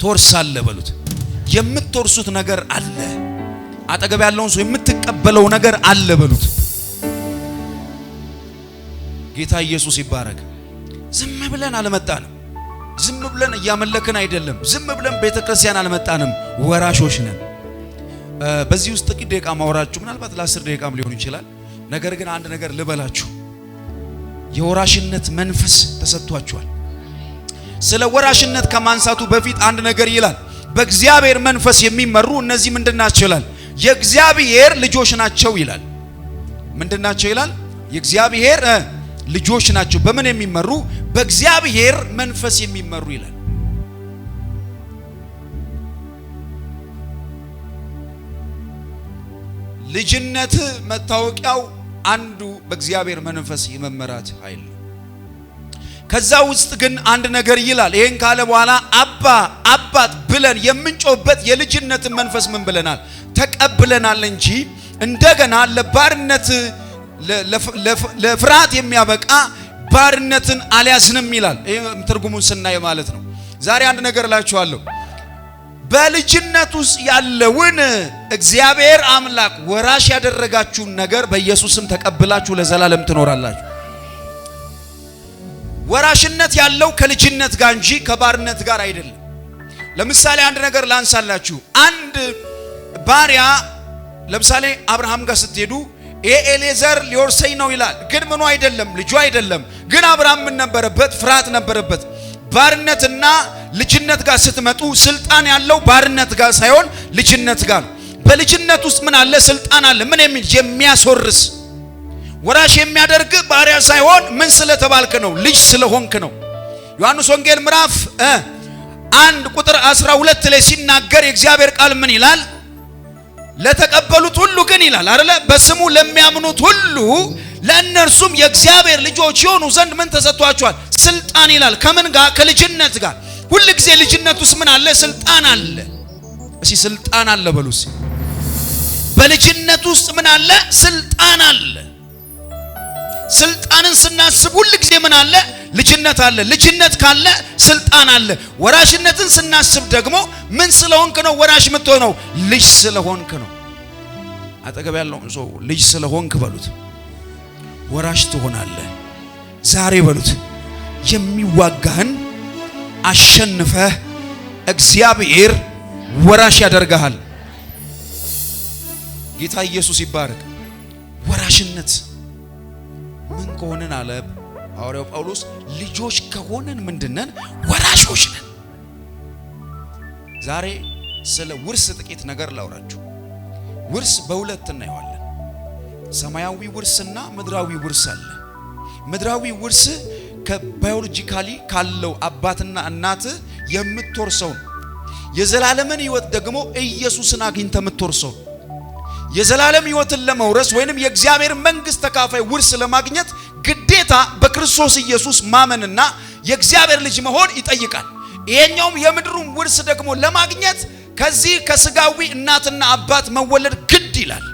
ትወርሳለ በሉት። የምትወርሱት ነገር አለ። አጠገብ ያለውን ሰው የምትቀበለው ነገር አለ በሉት። ጌታ ኢየሱስ ይባረክ። ዝም ብለን አልመጣንም። ዝም ብለን እያመለክን አይደለም። ዝም ብለን ቤተ ክርስቲያን አልመጣንም። ወራሾች ነን። በዚህ ውስጥ ጥቂት ደቂቃ ማወራችሁ ምናልባት ለአስር ደቂቃም ሊሆን ይችላል። ነገር ግን አንድ ነገር ልበላችሁ፣ የወራሽነት መንፈስ ተሰጥቷችኋል። ስለ ወራሽነት ከማንሳቱ በፊት አንድ ነገር ይላል። በእግዚአብሔር መንፈስ የሚመሩ እነዚህ ምንድናቸው ይላል? የእግዚአብሔር ልጆች ናቸው ይላል። ምንድናቸው ይላል? የእግዚአብሔር ልጆች ናቸው። በምን የሚመሩ? በእግዚአብሔር መንፈስ የሚመሩ ይላል። ልጅነት መታወቂያው አንዱ በእግዚአብሔር መንፈስ የመመራት ኃይል ከዛ ውስጥ ግን አንድ ነገር ይላል። ይህን ካለ በኋላ አባ አባት ብለን የምንጮበት የልጅነትን መንፈስ ምን ብለናል? ተቀብለናል እንጂ እንደገና ለባርነት ለፍርሃት የሚያበቃ ባርነትን አልያዝንም ይላል። ይህ ትርጉሙን ስናይ ማለት ነው። ዛሬ አንድ ነገር እላችኋለሁ። በልጅነት ውስጥ ያለውን እግዚአብሔር አምላክ ወራሽ ያደረጋችሁን ነገር በኢየሱስም ተቀብላችሁ ለዘላለም ትኖራላችሁ። ወራሽነት ያለው ከልጅነት ጋር እንጂ ከባርነት ጋር አይደለም። ለምሳሌ አንድ ነገር ላንሳላችሁ። አንድ ባሪያ ለምሳሌ አብርሃም ጋር ስትሄዱ ኤሌዘር ሊወርሰኝ ነው ይላል፣ ግን ምኑ አይደለም፣ ልጁ አይደለም። ግን አብርሃም ምን ነበረበት? ፍርሃት ነበረበት። ባርነትና ልጅነት ጋር ስትመጡ ስልጣን ያለው ባርነት ጋር ሳይሆን ልጅነት ጋር በልጅነት ውስጥ ምን አለ? ስልጣን አለ። ምን የሚል የሚያስወርስ ወራሽ የሚያደርግ ባሪያ ሳይሆን ምን ስለተባልክ ነው? ልጅ ስለሆንክ ነው። ዮሐንስ ወንጌል ምዕራፍ አንድ ቁጥር 12 ላይ ሲናገር የእግዚአብሔር ቃል ምን ይላል? ለተቀበሉት ሁሉ ግን ይላል አይደለ? በስሙ ለሚያምኑት ሁሉ ለእነርሱም የእግዚአብሔር ልጆች የሆኑ ዘንድ ምን ተሰጥቷቸዋል? ስልጣን ይላል። ከምን ጋር? ከልጅነት ጋር። ሁል ጊዜ ልጅነት ውስጥ ምን አለ? ስልጣን አለ። እሺ ስልጣን አለ በሉስ። በልጅነት ውስጥ ምን አለ? ስልጣን አለ። ስልጣንን ስናስብ ሁል ጊዜ ምን አለ? ልጅነት አለ። ልጅነት ካለ ስልጣን አለ። ወራሽነትን ስናስብ ደግሞ ምን ስለሆንክ ነው ወራሽ የምትሆነው? ልጅ ስለሆንክ ነው። አጠገብ ያለውን ሰው ልጅ ስለሆንክ በሉት፣ ወራሽ ትሆናለ ዛሬ በሉት የሚዋጋህን አሸንፈህ እግዚአብሔር ወራሽ ያደርግሃል። ጌታ ኢየሱስ ይባረክ። ወራሽነት ምን ከሆንን አለ ሐዋርያው ጳውሎስ ልጆች ከሆንን ምንድነን? ወራሾች ነን። ዛሬ ስለ ውርስ ጥቂት ነገር ላውራችሁ። ውርስ በሁለት እናየዋለን። ሰማያዊ ውርስና ምድራዊ ውርስ አለ። ምድራዊ ውርስ ከባዮሎጂካሊ ካለው አባትና እናት የምትወርሰው ነው። የዘላለምን ህይወት ደግሞ ኢየሱስን አግኝተ የምትወርሰው የዘላለም ሕይወትን ለመውረስ ወይንም የእግዚአብሔር መንግሥት ተካፋይ ውርስ ለማግኘት ግዴታ በክርስቶስ ኢየሱስ ማመንና የእግዚአብሔር ልጅ መሆን ይጠይቃል። ይሄኛውም የምድሩን ውርስ ደግሞ ለማግኘት ከዚህ ከስጋዊ እናትና አባት መወለድ ግድ ይላል።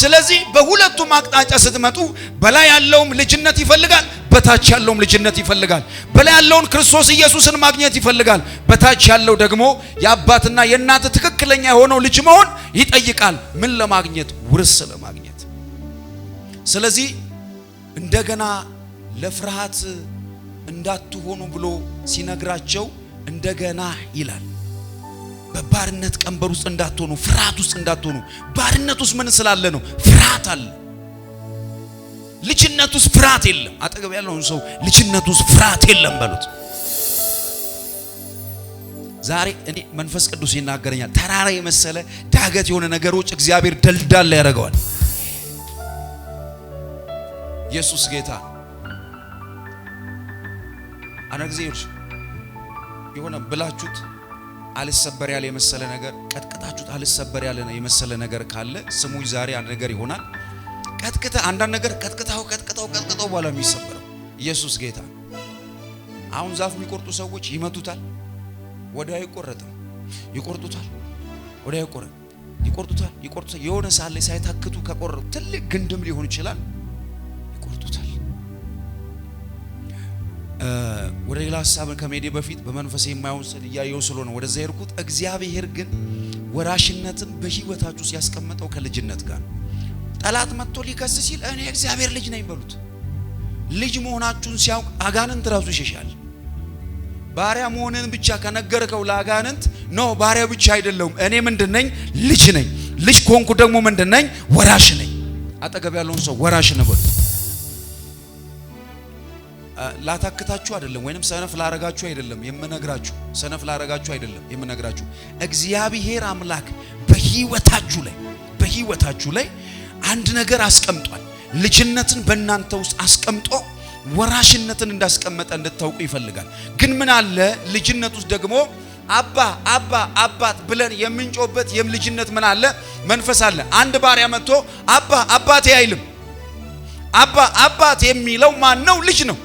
ስለዚህ በሁለቱም አቅጣጫ ስትመጡ በላይ ያለውም ልጅነት ይፈልጋል፣ በታች ያለውም ልጅነት ይፈልጋል። በላይ ያለውን ክርስቶስ ኢየሱስን ማግኘት ይፈልጋል፣ በታች ያለው ደግሞ የአባትና የእናት ትክክለኛ የሆነው ልጅ መሆን ይጠይቃል። ምን ለማግኘት? ውርስ ለማግኘት። ስለዚህ እንደገና ለፍርሃት እንዳትሆኑ ብሎ ሲነግራቸው እንደገና ይላል በባርነት ቀንበር ውስጥ እንዳትሆኑ፣ ፍርሃት ውስጥ እንዳትሆኑ። ባርነት ውስጥ ምን ስላለ ነው? ፍርሃት አለ። ልጅነት ውስጥ ፍርሃት የለም። አጠገብ ያለውን ሰው ልጅነት ውስጥ ፍርሃት የለም በሉት። ዛሬ እኔ መንፈስ ቅዱስ ይናገረኛል። ተራራ የመሰለ ዳገት የሆነ ነገሮች እግዚአብሔር ደልዳላ ያደርገዋል። ኢየሱስ ጌታ አነ ጊዜ የሆነ ብላችሁት አልሰበር ያለ የመሰለ ነገር ቀጥቅጣችሁት አልሰበር ያለ የመሰለ ነገር ካለ ስሙ ዛሬ አንድ ነገር ይሆናል። ቀጥቅተ አንዳንድ ነገር ቀጥቅታው ቀጥቅታው ቀጥቅታው በኋላ የሚሰበረው ኢየሱስ ጌታ። አሁን ዛፍ የሚቆርጡ ሰዎች ይመቱታል፣ ወዲያው አይቆረጥም። ይቆርጡታል፣ ወዲያው አይቆረጥም። ይቆርጡታል፣ ይቆርጡታል። የሆነ ሳለ ሳይታክቱ ከቆረጡ ትልቅ ግንድም ሊሆን ይችላል ወደ ሌላ ሀሳብ ከመሄዴ በፊት በመንፈሴ የማይሆን ስል እያየው ስለሆነ ወደዛ ሄድኩት። እግዚአብሔር ግን ወራሽነትን በህይወታችሁ ውስጥ ያስቀመጠው ከልጅነት ጋር ጠላት መጥቶ ሊከስ ሲል እኔ እግዚአብሔር ልጅ ነኝ በሉት። ልጅ መሆናችሁን ሲያውቅ አጋንንት ራሱ ይሸሻል። ባሪያ መሆንን ብቻ ከነገርከው ለአጋንንት ኖ ባሪያ ብቻ አይደለሁም እኔ ምንድን ነኝ? ልጅ ነኝ። ልጅ ከሆንኩ ደግሞ ምንድን ነኝ? ወራሽ ነኝ። አጠገብ ያለውን ሰው ወራሽ ነው በሉት። ላታክታችሁ አይደለም፣ ወይንም ሰነፍ ላረጋችሁ አይደለም የምነግራችሁ። ሰነፍ ላረጋችሁ አይደለም የምነግራችሁ። እግዚአብሔር አምላክ በህይወታችሁ ላይ በህይወታችሁ ላይ አንድ ነገር አስቀምጧል። ልጅነትን በእናንተ ውስጥ አስቀምጦ ወራሽነትን እንዳስቀመጠ እንድታውቁ ይፈልጋል። ግን ምን አለ ልጅነት ውስጥ ደግሞ አባ አባ አባት ብለን የምንጮበት የልጅነት ምን አለ መንፈስ አለ። አንድ ባሪያ መጥቶ አባ አባቴ አይልም። አባ አባት የሚለው ማን ነው? ልጅ ነው።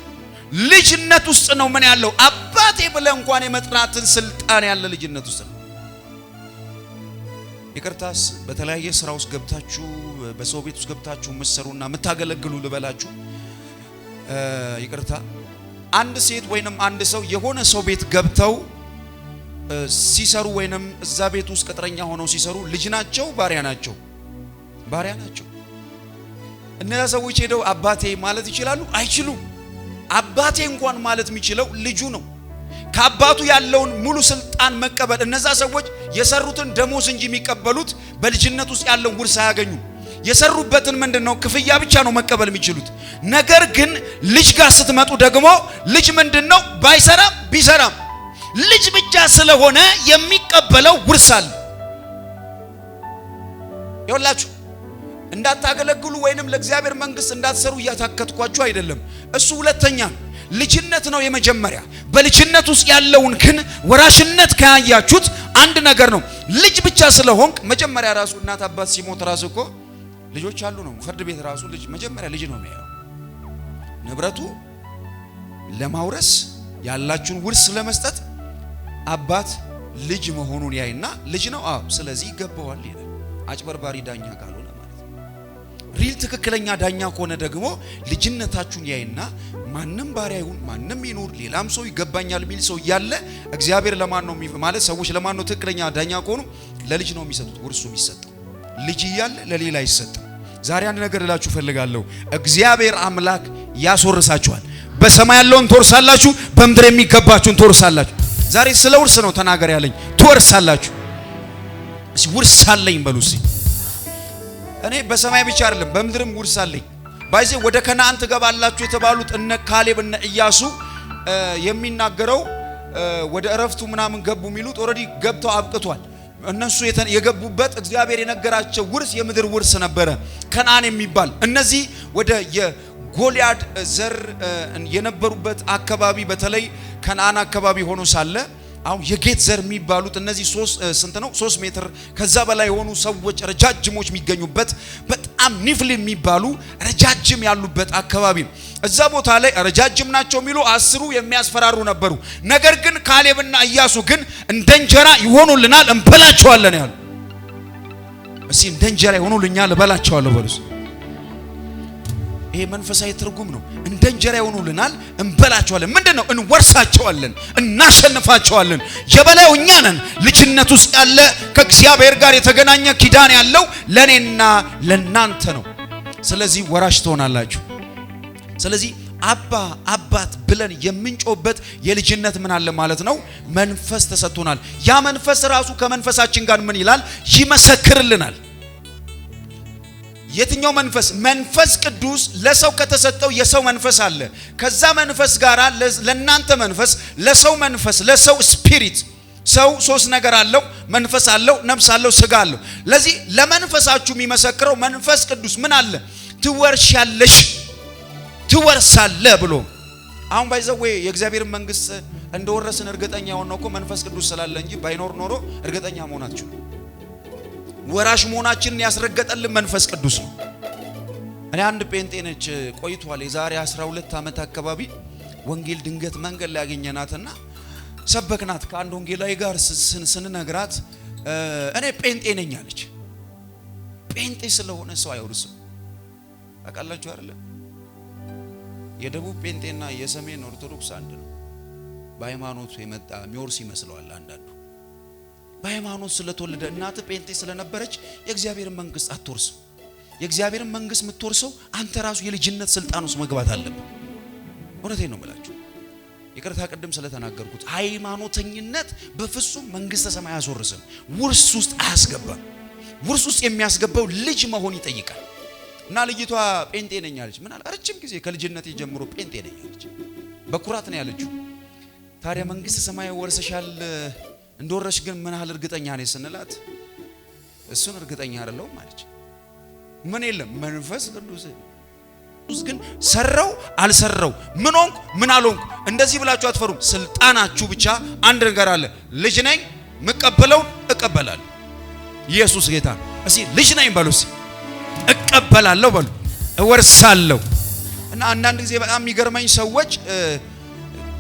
ልጅነት ውስጥ ነው ምን ያለው አባቴ ብለ እንኳን የመጥራትን ስልጣን ያለ ልጅነት ውስጥ ነው። ይቅርታስ በተለያየ ስራ ውስጥ ገብታችሁ በሰው ቤት ውስጥ ገብታችሁ የምትሰሩና የምታገለግሉ ልበላችሁ፣ ይቅርታ አንድ ሴት ወይንም አንድ ሰው የሆነ ሰው ቤት ገብተው ሲሰሩ ወይንም እዛ ቤት ውስጥ ቅጥረኛ ሆነው ሲሰሩ ልጅ ናቸው፣ ባሪያ ናቸው፣ ባሪያ ናቸው። እነዛ ሰዎች ሄደው አባቴ ማለት ይችላሉ? አይችሉም። አባቴ እንኳን ማለት የሚችለው ልጁ ነው። ከአባቱ ያለውን ሙሉ ስልጣን መቀበል። እነዛ ሰዎች የሰሩትን ደሞዝ እንጂ የሚቀበሉት በልጅነት ውስጥ ያለውን ውርስ አያገኙ። የሰሩበትን ምንድን ነው ክፍያ ብቻ ነው መቀበል የሚችሉት። ነገር ግን ልጅ ጋር ስትመጡ ደግሞ ልጅ ምንድን ነው ባይሰራም ቢሰራም ልጅ ብቻ ስለሆነ የሚቀበለው ውርስ አለ ይወላችሁ እንዳታገለግሉ ወይንም ለእግዚአብሔር መንግስት እንዳትሰሩ እያታከትኳችሁ አይደለም። እሱ ሁለተኛ ልጅነት ነው የመጀመሪያ። በልጅነት ውስጥ ያለውን ግን ወራሽነት ከያያችሁት አንድ ነገር ነው። ልጅ ብቻ ስለሆንክ መጀመሪያ ራሱ እናት አባት ሲሞት ራሱ እኮ ልጆች አሉ ነው። ፍርድ ቤት ራሱ ልጅ መጀመሪያ ልጅ ነው የሚያየው። ንብረቱ ለማውረስ ያላችሁን ውርስ ለመስጠት አባት ልጅ መሆኑን ያይና ልጅ ነው አዎ፣ ስለዚህ ይገባዋል ይላል። አጭበርባሪ ዳኛ ጋር ሪል ትክክለኛ ዳኛ ከሆነ ደግሞ ልጅነታችሁን ያይና ማንም ባሪያ ይሁን ማንም ይኑር ሌላም ሰው ይገባኛል የሚል ሰው እያለ እግዚአብሔር ለማን ነው ማለት ሰዎች ለማን ነው ትክክለኛ ዳኛ ከሆኑ ለልጅ ነው የሚሰጡት። ውርሱ የሚሰጠው ልጅ እያለ ለሌላ አይሰጥም። ዛሬ አንድ ነገር እላችሁ ፈልጋለሁ። እግዚአብሔር አምላክ ያስወርሳችኋል። በሰማይ ያለውን ትወርሳላችሁ፣ በምድር የሚገባችሁን ትወርሳላችሁ። ዛሬ ስለ ውርስ ነው ተናገር ያለኝ። ትወርሳላችሁ። ውርስ አለኝ በሉ እኔ በሰማይ ብቻ አይደለም በምድርም ውርስ አለኝ። ባይዜ ወደ ከነአን ትገባላችሁ የተባሉት እነ ካሌብ እነ ኢያሱ የሚናገረው ወደ እረፍቱ ምናምን ገቡ የሚሉት ኦልሬዲ ገብተው አብቅቷል። እነሱ የገቡበት እግዚአብሔር የነገራቸው ውርስ የምድር ውርስ ነበረ ከነአን የሚባል እነዚህ ወደ የጎልያድ ዘር የነበሩበት አካባቢ በተለይ ከነአን አካባቢ ሆኖ ሳለ አሁን የጌት ዘር የሚባሉት እነዚህ ሶስት ስንት ነው? ሶስት ሜትር ከዛ በላይ የሆኑ ሰዎች ረጃጅሞች የሚገኙበት በጣም ኒፍል የሚባሉ ረጃጅም ያሉበት አካባቢ ነው። እዛ ቦታ ላይ ረጃጅም ናቸው የሚሉ አስሩ የሚያስፈራሩ ነበሩ። ነገር ግን ካሌብና እያሱ ግን እንደ እንጀራ ይሆኑልናል እንበላቸዋለን ያሉ። እስኪ እንደ እንጀራ ይሆኑልኛል እበላቸዋለሁ በሉስ ይሄ መንፈሳዊ ትርጉም ነው። እንደ እንጀራ ይሆኑልናል፣ እንበላቸዋለን። ምንድን ነው? እንወርሳቸዋለን፣ እናሸንፋቸዋለን። የበላዩ እኛ ነን። ልጅነት ውስጥ ያለ ከእግዚአብሔር ጋር የተገናኘ ኪዳን ያለው ለእኔና ለእናንተ ነው። ስለዚህ ወራሽ ትሆናላችሁ። ስለዚህ አባ አባት ብለን የምንጮበት የልጅነት ምን አለ ማለት ነው፣ መንፈስ ተሰጥቶናል። ያ መንፈስ ራሱ ከመንፈሳችን ጋር ምን ይላል? ይመሰክርልናል የትኛው መንፈስ? መንፈስ ቅዱስ ለሰው ከተሰጠው የሰው መንፈስ አለ። ከዛ መንፈስ ጋር ለእናንተ መንፈስ፣ ለሰው መንፈስ፣ ለሰው ስፒሪት። ሰው ሶስት ነገር አለው፣ መንፈስ አለው፣ ነፍስ አለው፣ ስጋ አለው። ለዚህ ለመንፈሳችሁ የሚመሰክረው መንፈስ ቅዱስ ምን አለ? ትወርሻለሽ፣ ትወርሳለ ብሎ አሁን ባይዘዌ የእግዚአብሔር መንግስት እንደወረስን እርግጠኛ የሆነው እኮ መንፈስ ቅዱስ ስላለ እንጂ ባይኖር ኖሮ እርግጠኛ መሆናችሁ ወራሽ መሆናችንን ያስረገጠልን መንፈስ ቅዱስ ነው። እኔ አንድ ጴንጤ ነች ቆይቷል። የዛሬ 12 ዓመት አካባቢ ወንጌል ድንገት መንገድ ላይ ያገኘናትና ሰበክናት። ከአንድ ወንጌላዊ ጋር ስንነግራት እኔ ጴንጤ ነኝ አለች። ጴንጤ ስለሆነ ሰው አይወርስም። ታውቃላችሁ አይደለ? የደቡብ ጴንጤና የሰሜን ኦርቶዶክስ አንድ ነው። በሃይማኖቱ የመጣ ሚወርስ ይመስለዋል አንዳንዱ በሃይማኖት ስለተወለደ እናት ጴንጤ ስለነበረች የእግዚአብሔርን መንግስት አትወርስም። የእግዚአብሔርን መንግስት የምትወርሰው አንተ ራሱ የልጅነት ስልጣን ውስጥ መግባት አለብን። እውነቴ ነው የምላችሁ። ይቅርታ ቅድም ስለተናገርኩት ሃይማኖተኝነት በፍጹም መንግስተ ሰማይ አያስወርስም፣ ውርስ ውስጥ አያስገባም። ውርስ ውስጥ የሚያስገባው ልጅ መሆን ይጠይቃል። እና ልጅቷ ጴንጤ ነኝ አለች። ምን አለ ረጅም ጊዜ ከልጅነት ጀምሮ ጴንጤ ነኝ አለች። በኩራት ነው ያለችው። ታዲያ መንግስተ ሰማይ ወርሰሻል እንደወረሽ ግን ምን ያህል እርግጠኛ ነኝ ስንላት እሱን እርግጠኛ አይደለሁም አለች። ምን የለም መንፈስ ቅዱስ ቅዱስ ግን ሰራው አልሰራው ምን ሆንኩ ምን አልሆንኩ እንደዚህ ብላችሁ አትፈሩም። ስልጣናችሁ ብቻ አንድ ነገር አለ። ልጅ ነኝ የምቀበለውን እቀበላለሁ። ኢየሱስ ጌታ እሺ፣ ልጅ ነኝ በሉ፣ እቀበላለሁ በሉ፣ እወርሳለሁ። እና አንዳንድ ጊዜ በጣም የሚገርመኝ ሰዎች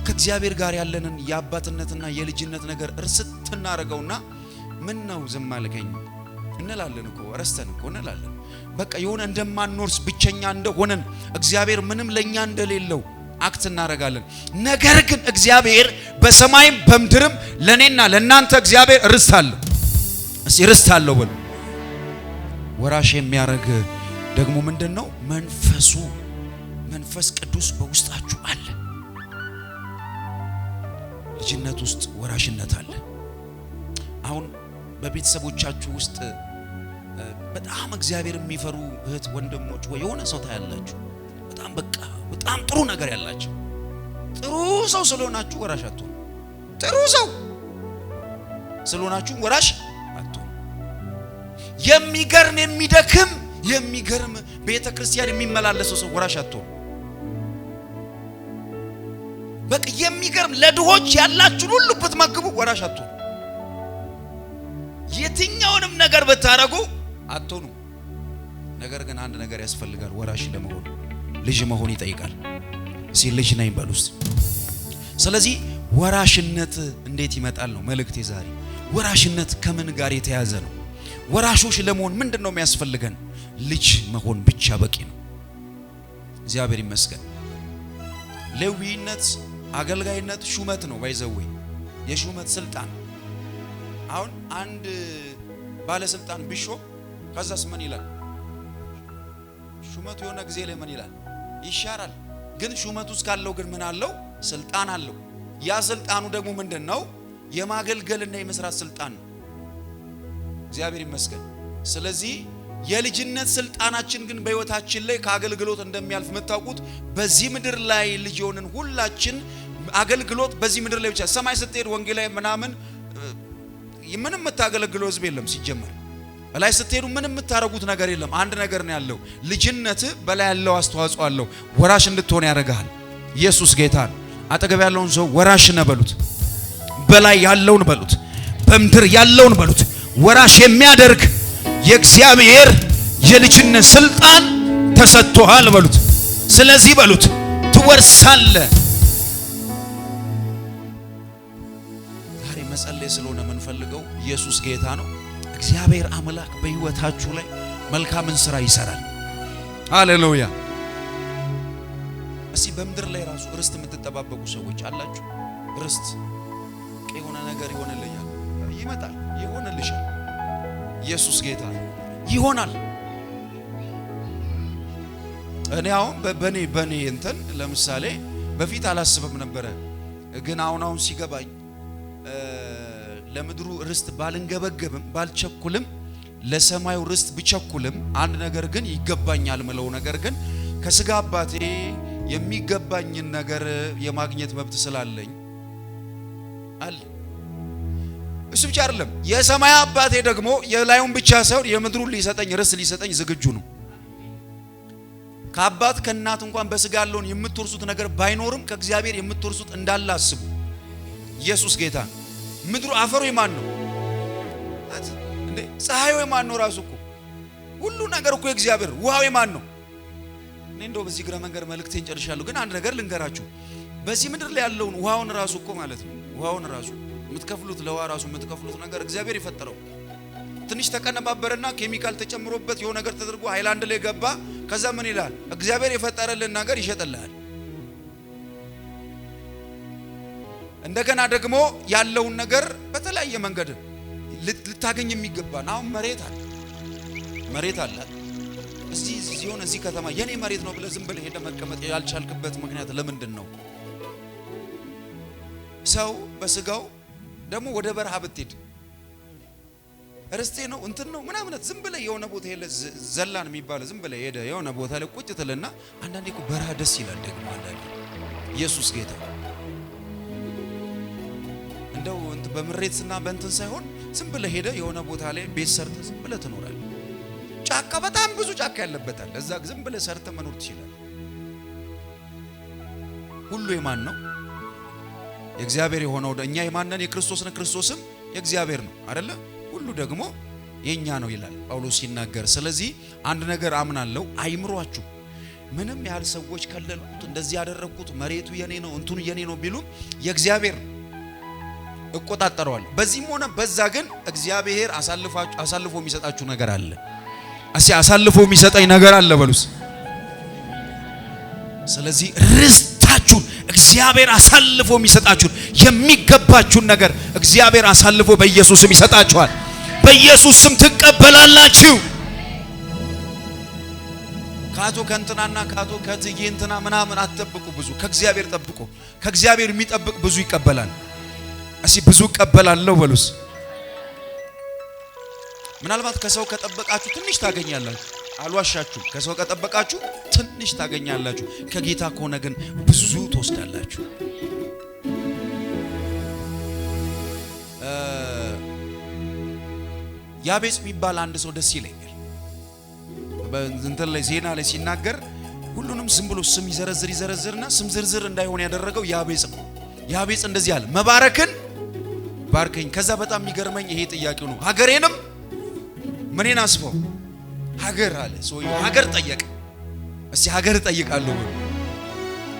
ከእግዚአብሔር ጋር ያለንን የአባትነትና የልጅነት ነገር እርስት እናደርገውና ምን ነው ዝም አልከኝ እንላለን እኮ ረስተን እኮ እንላለን። በቃ የሆነ እንደማንኖርስ ብቸኛ እንደሆነን እግዚአብሔር ምንም ለእኛ እንደሌለው አክት እናደርጋለን። ነገር ግን እግዚአብሔር በሰማይም በምድርም ለእኔና ለእናንተ እግዚአብሔር ርስት አለው። እስቲ ርስት አለው ብሎ ወራሽ የሚያደርግ ደግሞ ምንድን ነው? መንፈሱ መንፈስ ቅዱስ በውስጣችሁ አለ። በልጅነት ውስጥ ወራሽነት አለ። አሁን በቤተሰቦቻችሁ ውስጥ በጣም እግዚአብሔር የሚፈሩ እህት ወንድሞች ወይ የሆነ ሰው ታያላችሁ። በጣም በቃ በጣም ጥሩ ነገር ያላቸው ጥሩ ሰው ስለሆናችሁ ወራሽ አትሆኑ። ጥሩ ሰው ስለሆናችሁ ወራሽ አትሆኑ። የሚገርም የሚደክም የሚገርም ቤተ ክርስቲያን የሚመላለሰው ሰው ወራሽ አትሆኑ። በቃ የሚገርም ለድሆች ያላችሁን ሁሉ ብትመግቡ ወራሽ አትሆኑ። የትኛውንም ነገር ብታረጉ አትሆኑ። ነገር ግን አንድ ነገር ያስፈልጋል። ወራሽ ለመሆን ልጅ መሆን ይጠይቃል። እስኪ ልጅ ነኝ በሉ ስለዚህ ወራሽነት እንዴት ይመጣል ነው መልእክቴ ዛሬ። ወራሽነት ከምን ጋር የተያዘ ነው? ወራሾች ለመሆን ምንድን ነው የሚያስፈልገን? ልጅ መሆን ብቻ በቂ ነው። እግዚአብሔር ይመስገን። ሌዊነት አገልጋይነት ሹመት ነው። ባይዘዌ የሹመት ስልጣን። አሁን አንድ ባለስልጣን ቢሾም ከዛስ ምን ይላል? ሹመቱ የሆነ ጊዜ ላይ ምን ይላል? ይሻራል። ግን ሹመቱ ውስጥ ካለው ግን ምን አለው? ስልጣን አለው። ያ ስልጣኑ ደግሞ ምንድን ነው? የማገልገልና የመስራት ስልጣን ነው። እግዚአብሔር ይመስገን። ስለዚህ የልጅነት ስልጣናችን ግን በሕይወታችን ላይ ከአገልግሎት እንደሚያልፍ የምታውቁት በዚህ ምድር ላይ ልጅ የሆንን ሁላችን አገልግሎት በዚህ ምድር ላይ ብቻ ሰማይ ስትሄድ ወንጌል ላይ ምናምን ምንም የምታገለግለው ህዝብ የለም። ሲጀመር በላይ ስትሄዱ ምንም የምታረጉት ነገር የለም። አንድ ነገር ነው ያለው፣ ልጅነት በላይ ያለው አስተዋጽኦ አለው። ወራሽ እንድትሆን ያደርግሃል። ኢየሱስ ጌታ ነው። አጠገብ ያለውን ሰው ወራሽ ነህ በሉት፣ በላይ ያለውን በሉት፣ በምድር ያለውን በሉት። ወራሽ የሚያደርግ የእግዚአብሔር የልጅነት ስልጣን ተሰጥቶሃል በሉት። ስለዚህ በሉት ትወርሳለህ። መጸለይ ስለሆነ የምንፈልገው ኢየሱስ ጌታ ነው። እግዚአብሔር አምላክ በሕይወታችሁ ላይ መልካምን ስራ ይሰራል። ሃሌሉያ። እስቲ በምድር ላይ ራሱ ርስት የምትጠባበቁ ሰዎች አላችሁ። ርስት የሆነ ነገር ይሆንልኛል፣ ይመጣል፣ ይሆንልሻል። ኢየሱስ ጌታ ይሆናል። እኔ አሁን በኔ በኔ እንትን ለምሳሌ በፊት አላስብም ነበረ፣ ግን አሁን አሁን ሲገባኝ ለምድሩ ርስት ባልንገበገብም ባልቸኩልም ለሰማዩ ርስት ብቸኩልም አንድ ነገር ግን ይገባኛል ምለው ነገር ግን ከስጋ አባቴ የሚገባኝን ነገር የማግኘት መብት ስላለኝ አለ። እሱ ብቻ አይደለም፣ የሰማይ አባቴ ደግሞ የላዩን ብቻ ሳይሆን የምድሩን ሊሰጠኝ ርስት ሊሰጠኝ ዝግጁ ነው። ከአባት ከእናት እንኳን በስጋ ያለውን የምትወርሱት ነገር ባይኖርም ከእግዚአብሔር የምትወርሱት እንዳላስቡ ኢየሱስ ጌታ ነው። ምድሩ አፈሩ የማን ነው እንዴ? ፀሐዩ የማን ነው? ራሱ እኮ ሁሉ ነገር እኮ የእግዚአብሔር። ውሃው የማን ነው? እኔ እንደው በዚህ ግረ መንገድ መልእክቴን ጨርሻለሁ፣ ግን አንድ ነገር ልንገራችሁ። በዚህ ምድር ላይ ያለውን ውሃውን ራሱ እኮ ማለት ነው ውሃውን ራሱ የምትከፍሉት ለውሃ ራሱ የምትከፍሉት ነገር እግዚአብሔር የፈጠረው ትንሽ ተቀነባበረና ኬሚካል ተጨምሮበት የሆነ ነገር ተደርጎ ሃይላንድ ላይ ገባ። ከዛ ምን ይላል? እግዚአብሔር የፈጠረልን ነገር ይሸጥልሃል። እንደገና ደግሞ ያለውን ነገር በተለያየ መንገድ ልታገኝ የሚገባን አሁን መሬት አለ መሬት አለ እዚህ ሲሆን እዚህ ከተማ የኔ መሬት ነው ብለህ ዝም ብለህ ሄደህ መቀመጥ ያልቻልክበት ምክንያት ለምንድን ነው? ሰው በስጋው ደግሞ ወደ በረሃ ብትሄድ ርስቴ ነው እንትን ነው ምናምነት ዝም ብለህ የሆነ ቦታ ሄደ ዘላን የሚባለ ዝም ብለህ ሄደ የሆነ ቦታ ላይ ቁጭ ትልና አንዳንዴ እኮ በረሃ ደስ ይላል። ደግሞ አንዳንዴ ኢየሱስ ጌታ እንደው በምሬትና በእንትን ሳይሆን ዝም ብለህ ሄደህ የሆነ ቦታ ላይ ቤት ሰርተህ ዝም ብለህ ትኖራለህ። ጫካ በጣም ብዙ ጫካ ያለበታል። እዛ ዝም ብለህ ሰርተህ መኖር ትችላለህ። ሁሉ የማን ነው? የእግዚአብሔር የሆነው እኛ የማንን የክርስቶስን፣ ክርስቶስም የእግዚአብሔር ነው አይደለ? ሁሉ ደግሞ የኛ ነው ይላል ጳውሎስ ሲናገር። ስለዚህ አንድ ነገር አምናለሁ፣ አይምሯችሁ ምንም ያህል ሰዎች ከለልኩት፣ እንደዚህ ያደረግኩት፣ መሬቱ የኔ ነው፣ እንትኑ የኔ ነው ቢሉም የእግዚአብሔር ነው። እቆጣጠረዋለሁ። በዚህም ሆነ በዛ ግን እግዚአብሔር አሳልፎ የሚሰጣችሁ ነገር አለ። እሺ፣ አሳልፎ የሚሰጠኝ ነገር አለ በሉስ። ስለዚህ ርስታችሁን እግዚአብሔር አሳልፎ የሚሰጣችሁን የሚገባችሁን ነገር እግዚአብሔር አሳልፎ በኢየሱስም ይሰጣችኋል። በኢየሱስም ትቀበላላችሁ። ከአቶ ከእንትናና ከአቶ ከትዬ እንትና ምናምን አትጠብቁ። ብዙ ከእግዚአብሔር ጠብቁ። ከእግዚአብሔር የሚጠብቅ ብዙ ይቀበላል። እሺ ብዙ እቀበላለሁ በሉስ። ምናልባት ከሰው ከጠበቃችሁ ትንሽ ታገኛላችሁ። አልዋሻችሁም። ከሰው ከጠበቃችሁ ትንሽ ታገኛላችሁ። ከጌታ ከሆነ ግን ብዙ ትወስዳላችሁ። ያቤጽ የሚባል አንድ ሰው ደስ ይለኛል። እንትን ላይ ዜና ላይ ሲናገር ሁሉንም ዝም ብሎ ስም ይዘረዝር ይዘረዝርና ስም ዝርዝር እንዳይሆን ያደረገው ያቤጽ ነው። ያቤጽ እንደዚህ አለ መባረክን ባርከኝ። ከዛ በጣም የሚገርመኝ ይሄ ጥያቄው ነው። ሀገሬንም ምኔን አስፎ ሀገር አለ ሰውዬው። ሀገር ጠየቀ። እስቲ ሀገር እጠይቃለሁ ብሎ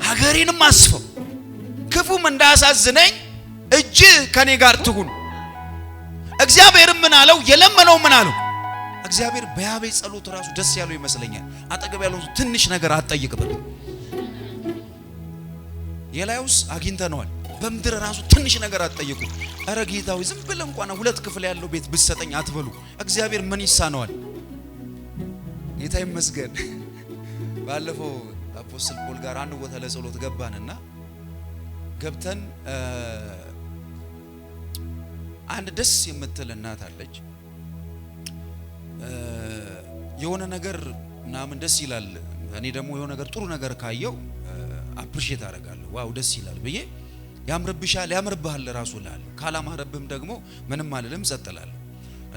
ሀገሬንም አስፈው ክፉም እንዳያሳዝነኝ እጅ ከኔ ጋር ትሁን። እግዚአብሔርም ምን አለው? የለመነው ምን አለው? እግዚአብሔር በያቤ ጸሎት ራሱ ደስ ያለው ይመስለኛል። አጠገብ ያለው ትንሽ ነገር አትጠይቅበት የላዩስ አግኝተነዋል። በምድር ራሱ ትንሽ ነገር አትጠይቁ። እረ ጌታዊ ዝም ብለ እንኳን ሁለት ክፍል ያለው ቤት ብሰጠኝ አትበሉ። እግዚአብሔር ምን ይሳነዋል? ጌታ ይመስገን። ባለፈው አፖስትል ፖል ጋር አንድ ቦታ ለጸሎት ገባንና ገብተን አንድ ደስ የምትል እናት አለች። የሆነ ነገር ምናምን ደስ ይላል። እኔ ደግሞ የሆነ ነገር ጥሩ ነገር ካየው አፕሪሼት አደርጋለሁ። ዋው ደስ ይላል ብዬ ያምርብሻል ያምርብሃል ራሱ ላል ካላማረብህም ደግሞ ምንም አልልም ጸጥላል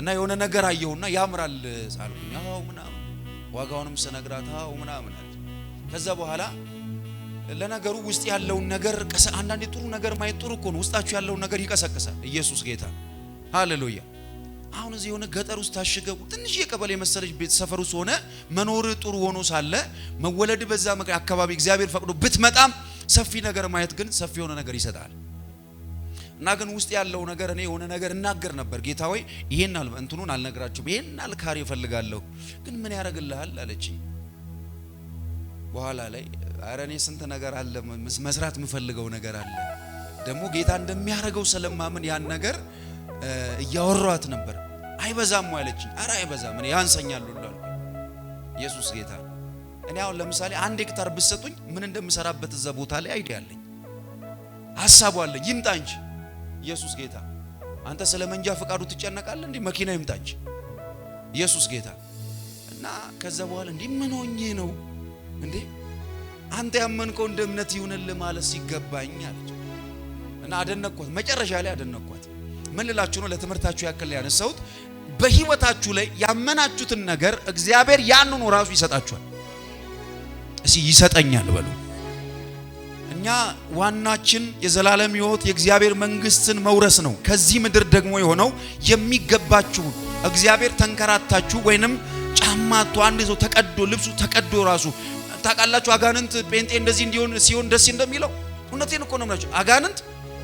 እና የሆነ ነገር አየሁና ያምራል አልኩኝ። አዎ ምናምን ዋጋውንም ስነግራት አዎ ምናምን አለ። ከዛ በኋላ ለነገሩ ውስጥ ያለውን ነገር ቀሰ አንዳንዴ ጥሩ ነገር ማየት ጥሩ እኮ ነው። ውስጣችሁ ያለውን ነገር ይቀሰቅሳል። ኢየሱስ ጌታ ሃሌሉያ። አሁን እዚህ የሆነ ገጠር ውስጥ ታሽገው ትንሽ የቀበሌ መሰለች ቤት ሰፈር ውስጥ ሆነ መኖር ጥሩ ሆኖ ሳለ መወለድ በዛ አካባቢ እግዚአብሔር ፈቅዶ ብትመጣም ሰፊ ነገር ማየት ግን ሰፊ የሆነ ነገር ይሰጣል። እና ግን ውስጥ ያለው ነገር እኔ የሆነ ነገር እናገር ነበር። ጌታ ሆይ ይሄን አል እንትኑን አልነግራችሁም፣ ይሄን አልካሪ እፈልጋለሁ፣ ግን ምን ያደርግልሃል አለችኝ። በኋላ ላይ አረ እኔ ስንት ነገር አለ መስራት የምፈልገው ነገር አለ፣ ደግሞ ጌታ እንደሚያደርገው ስለማምን ያን ነገር እያወሯት ነበር። አይበዛም አለችኝ። አረ አይበዛም እኔ ያንሰኛል ሁሉ ኢየሱስ ጌታ እኔ አሁን ለምሳሌ አንድ ሄክታር ብትሰጡኝ ምን እንደምሰራበት እዛ ቦታ ላይ አይዲያ አለኝ፣ ሀሳቡ አለኝ። ይምጣ እንጂ ኢየሱስ ጌታ። አንተ ስለ መንጃ ፈቃዱ ትጨነቃለህ እንዴ? መኪና ይምጣ እንጂ ኢየሱስ ጌታ። እና ከዛ በኋላ እንዴ ምን ሆኜ ነው እንዴ አንተ ያመንከው እንደ እምነት ይሁንልህ ማለት ሲገባኝ አለች። እና አደነቅኳት፣ መጨረሻ ላይ አደነቅኳት። ምን ልላችሁ ነው ለትምህርታችሁ ያክል ያነሳሁት፣ በህይወታችሁ ላይ ያመናችሁትን ነገር እግዚአብሔር ያንኑ ራሱ ይሰጣችኋል። እስኪ ይሰጠኛል በሉ። እኛ ዋናችን የዘላለም ሕይወት የእግዚአብሔር መንግስትን መውረስ ነው። ከዚህ ምድር ደግሞ የሆነው የሚገባችሁን እግዚአብሔር ተንከራታችሁ ወይንም ጫማቱ አንድ ሰው ተቀዶ ልብሱ ተቀዶ ራሱ ታውቃላችሁ። አጋንንት ጴንጤ እንደዚህ እንዲሆን ሲሆን ደስ እንደሚለው እውነቴን እኮ ነው የምላችሁ። አጋንንት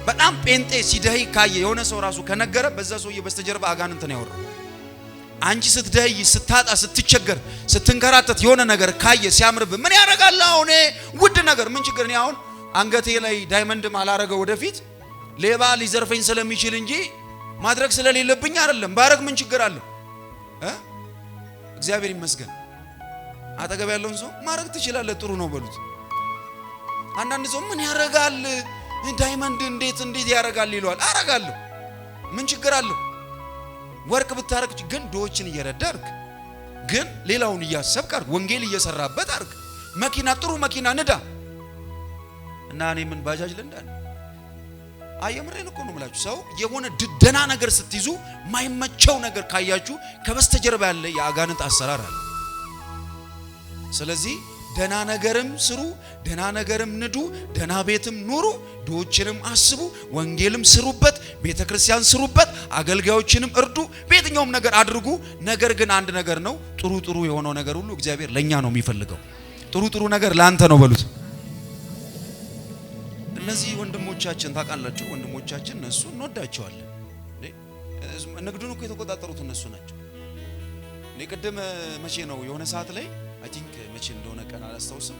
በጣም ጴንጤ ሲደህይ ካየ የሆነ ሰው ራሱ ከነገረ በዛ ሰውዬ በስተጀርባ አጋንንት ነው ያወራው። አንቺ ስትደይ ስታጣ ስትቸገር ስትንከራተት የሆነ ነገር ካየ ሲያምርብ ምን ያደርጋል? አሁን ውድ ነገር ምን ችግር ነው? አሁን አንገቴ ላይ ዳይመንድም አላረገው ወደፊት ሌባ ሊዘርፈኝ ስለሚችል እንጂ ማድረግ ስለሌለብኝ አይደለም። ባረግ ምን ችግር አለ? እግዚአብሔር ይመስገን። አጠገብ ያለውን ሰው ማድረግ ትችላለህ፣ ጥሩ ነው በሉት። አንዳንድ ሰው ምን ያረጋል? ዳይመንድ እንዴት እንዴት ያረጋል ይለዋል። አረጋለሁ፣ ምን ችግር አለው? ወርቅ ብታረግ ግን ድሆችን እየረዳ አርግ፣ ግን ሌላውን እያሰብክ አርግ፣ ወንጌል እየሰራበት አርግ። መኪና ጥሩ መኪና ንዳ እና እኔ ምን ባጃጅ ልንዳ? አየምሬ ነው ነው የምላችሁ። ሰው የሆነ ድደና ነገር ስትይዙ ማይመቸው ነገር ካያችሁ ከበስተጀርባ ያለ የአጋንንት አሰራር አለ። ስለዚህ ደና ነገርም ስሩ፣ ደና ነገርም ንዱ፣ ደና ቤትም ኑሩ፣ ድሆችንም አስቡ፣ ወንጌልም ስሩበት፣ ቤተ ክርስቲያን ስሩበት፣ አገልጋዮችንም እርዱ፣ በየትኛውም ነገር አድርጉ። ነገር ግን አንድ ነገር ነው፣ ጥሩ ጥሩ የሆነው ነገር ሁሉ እግዚአብሔር ለእኛ ነው የሚፈልገው። ጥሩ ጥሩ ነገር ለአንተ ነው በሉት። እነዚህ ወንድሞቻችን ታውቃላቸው ወንድሞቻችን እነሱ እንወዳቸዋለን። ንግዱን እኮ የተቆጣጠሩት እነሱ ናቸው። እኔ ቅድም መቼ ነው የሆነ ሰዓት ላይ አይ ቲንክ uh, መቼ እንደሆነ ቀን አላስታውስም።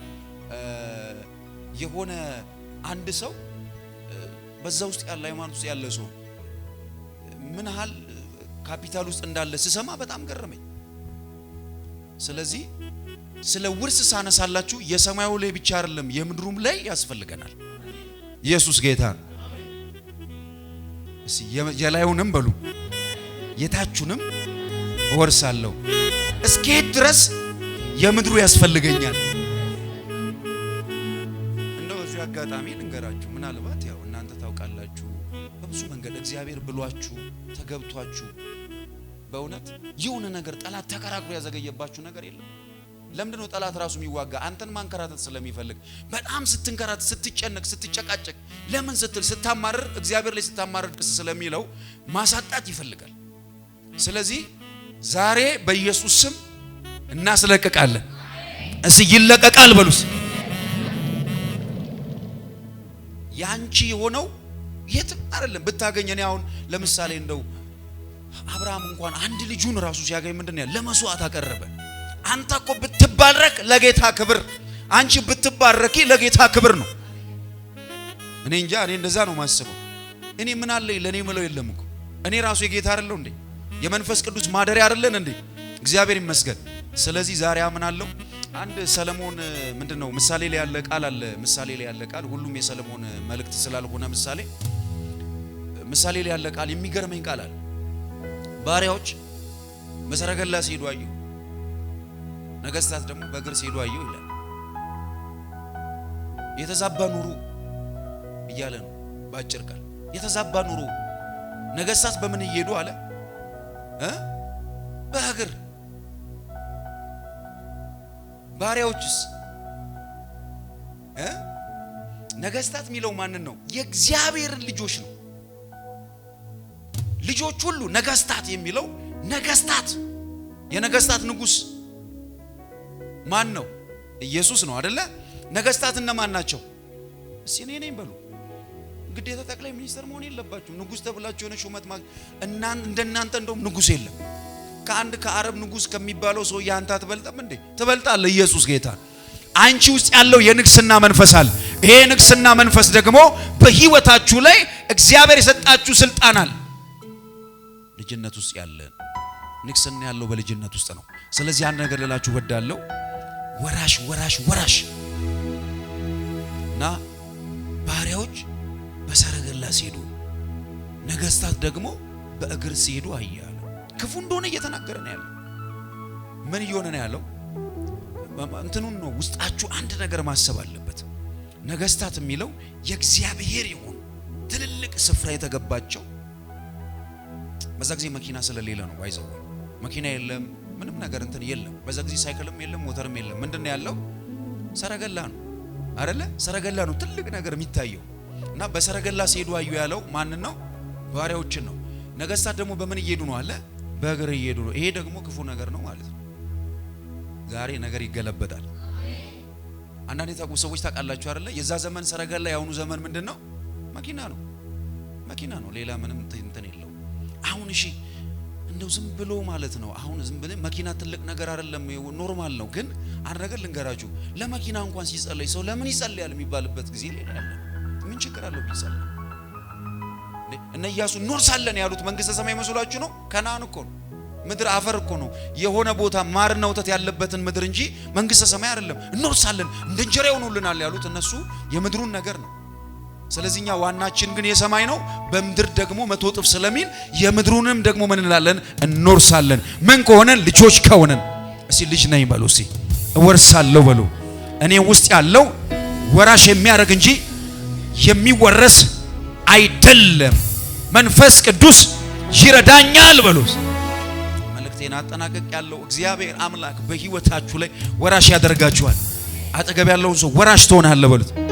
uh, የሆነ አንድ ሰው uh, በዛ ውስጥ ያለ ሃይማኖት ውስጥ ያለ ሰው ምን ያህል ካፒታል ውስጥ እንዳለ ስሰማ በጣም ገረመኝ። ስለዚህ ስለ ውርስ ሳነሳላችሁ የሰማዩ ላይ ብቻ አይደለም የምድሩም ላይ ያስፈልገናል። ኢየሱስ ጌታ ነው። እስቲ የላዩንም በሉ የታችሁንም እወርሳለሁ እስከ ድረስ የምድሩ ያስፈልገኛል። እንደው እዚህ አጋጣሚ ልንገራችሁ፣ ምናልባት ያው እናንተ ታውቃላችሁ፣ በብዙ መንገድ እግዚአብሔር ብሏችሁ ተገብቷችሁ በእውነት የሆነ ነገር ጠላት ተከራክሮ ያዘገየባችሁ ነገር የለም። ለምንድነው ጠላት ራሱ የሚዋጋ? አንተን ማንከራተት ስለሚፈልግ በጣም ስትንከራተት፣ ስትጨነቅ፣ ስትጨቃጨቅ ለምን ስትል ስታማርር፣ እግዚአብሔር ላይ ስታማርር ቅስ ስለሚለው ማሳጣት ይፈልጋል። ስለዚህ ዛሬ በኢየሱስ ስም እናስለቅቃለን። እስኪ ይለቀቃል በሉስ። ያንቺ የሆነው የትም አይደለም ብታገኝ። እኔ አሁን ለምሳሌ እንደው አብርሃም እንኳን አንድ ልጁን ራሱ ሲያገኝ ምንድን ነው ለመስዋዕት አቀረበ። አንተ እኮ ብትባረክ ለጌታ ክብር፣ አንቺ ብትባረኪ ለጌታ ክብር ነው። እኔ እንጃ፣ እኔ እንደዛ ነው ማስበው። እኔ ምን አለኝ ለእኔ ምለው የለም እኮ እኔ ራሱ የጌታ አይደለሁ እንዴ? የመንፈስ ቅዱስ ማደሪያ አይደለን እንዴ? እግዚአብሔር ይመስገን። ስለዚህ ዛሬ አምናለሁ። አንድ ሰለሞን ምንድነው ምሳሌ ላይ ያለ ቃል አለ። ምሳሌ ላይ ያለ ቃል ሁሉም የሰለሞን መልእክት ስላልሆነ ምሳሌ ምሳሌ ላይ ያለ ቃል የሚገርመኝ ቃል አለ። ባሪያዎች በሰረገላ ሲሄዱ አየሁ፣ ነገስታት ደግሞ በእግር ሲሄዱ አየሁ ይላል። የተዛባ ኑሮ እያለ ነው ባጭር ቃል የተዛባ ኑሮ ነገስታት በምን እየሄዱ አለ እ በእግር ባሪያዎችስ ነገስታት የሚለው ማንን ነው? የእግዚአብሔርን ልጆች ነው። ልጆች ሁሉ ነገስታት የሚለው ነገስታት የነገስታት ንጉስ ማን ነው? ኢየሱስ ነው አደለ? ነገስታት እነማን ናቸው? እስቲ እኔ ነኝ በሉ። ግዴታ ጠቅላይ ሚኒስትር መሆን የለባችሁም። ንጉስ ተብላችሁ የሆነ ሹመት እናን እንደናንተ እንደውም ንጉስ የለም። ከአንድ ከአረብ ንጉስ ከሚባለው ሰው ያንተ አትበልጥም እንዴ? ትበልጣለህ። ኢየሱስ ጌታ። አንቺ ውስጥ ያለው የንግስና መንፈስ አለ። ይሄ የንግስና መንፈስ ደግሞ በህይወታችሁ ላይ እግዚአብሔር የሰጣችሁ ስልጣን አለ። ልጅነት ውስጥ ያለ ንግስና ያለው በልጅነት ውስጥ ነው። ስለዚህ አንድ ነገር ልላችሁ ወዳለው ወራሽ ወራሽ ወራሽ እና ባሪያዎች በሰረገላ ሲሄዱ ነገስታት ደግሞ በእግር ሲሄዱ አያ ክፉ እንደሆነ እየተናገረ ነው ያለው። ምን እየሆነ ነው ያለው? እንትኑን ነው ውስጣችሁ አንድ ነገር ማሰብ አለበት። ነገስታት የሚለው የእግዚአብሔር ይሁን ትልልቅ ስፍራ የተገባቸው በዛ ጊዜ መኪና ስለሌለ ነው። ዋይዘው መኪና የለም፣ ምንም ነገር እንትን የለም። በዛ ጊዜ ሳይክልም የለም፣ ሞተርም የለም። ምንድን ነው ያለው? ሰረገላ ነው አይደለ? ሰረገላ ነው ትልቅ ነገር የሚታየው እና በሰረገላ ሲሄዱ አዩ ያለው ማንን ነው? ባሪያዎችን ነው። ነገስታት ደግሞ በምን እየሄዱ ነው አለ በእግር እየሄዱ ነው። ይሄ ደግሞ ክፉ ነገር ነው ማለት ነው። ዛሬ ነገር ይገለበጣል። አንዳንድ የታቁ ሰዎች ታውቃላችሁ አይደለ? የዛ ዘመን ሰረገላ የአሁኑ ዘመን ምንድን ነው? መኪና ነው፣ መኪና ነው። ሌላ ምንም እንትን የለው። አሁን እሺ እንደው ዝም ብሎ ማለት ነው። አሁን ዝም ብለ መኪና ትልቅ ነገር አይደለም፣ ኖርማል ነው። ግን አንድ ነገር ልንገራችሁ፣ ለመኪና እንኳን ሲጸለይ ሰው ለምን ይጸልያል የሚባልበት ጊዜ ላይ ምን ችግር አለው ቢጸልይ እነ ኢያሱ እንወርሳለን ያሉት መንግስተ ሰማይ መስሏችሁ ነው? ከነአን እኮ ነው። ምድር አፈር እኮ ነው። የሆነ ቦታ ማርና ወተት ያለበትን ምድር እንጂ መንግስተ ሰማይ አይደለም። እንወርሳለን፣ እንደ እንጀራ ይሆኑልናል ያሉት እነሱ የምድሩን ነገር ነው። ስለዚህ እኛ ዋናችን ግን የሰማይ ነው። በምድር ደግሞ መቶ እጥፍ ስለሚል የምድሩንም ደግሞ ምን እንላለን? እንወርሳለን። ምን ከሆነን? ልጆች ከሆነን። እስቲ ልጅ ነኝ በሉ፣ እስቲ እወርሳለሁ በሉ። እኔ ውስጥ ያለው ወራሽ የሚያደርግ እንጂ የሚወረስ አይደለም። መንፈስ ቅዱስ ይረዳኛል በሉት። መልእክቴን አጠናቀቅ ያለው እግዚአብሔር አምላክ በህይወታችሁ ላይ ወራሽ ያደርጋችኋል። አጠገብ ያለውን ሰው ወራሽ ትሆናለህ በሉት።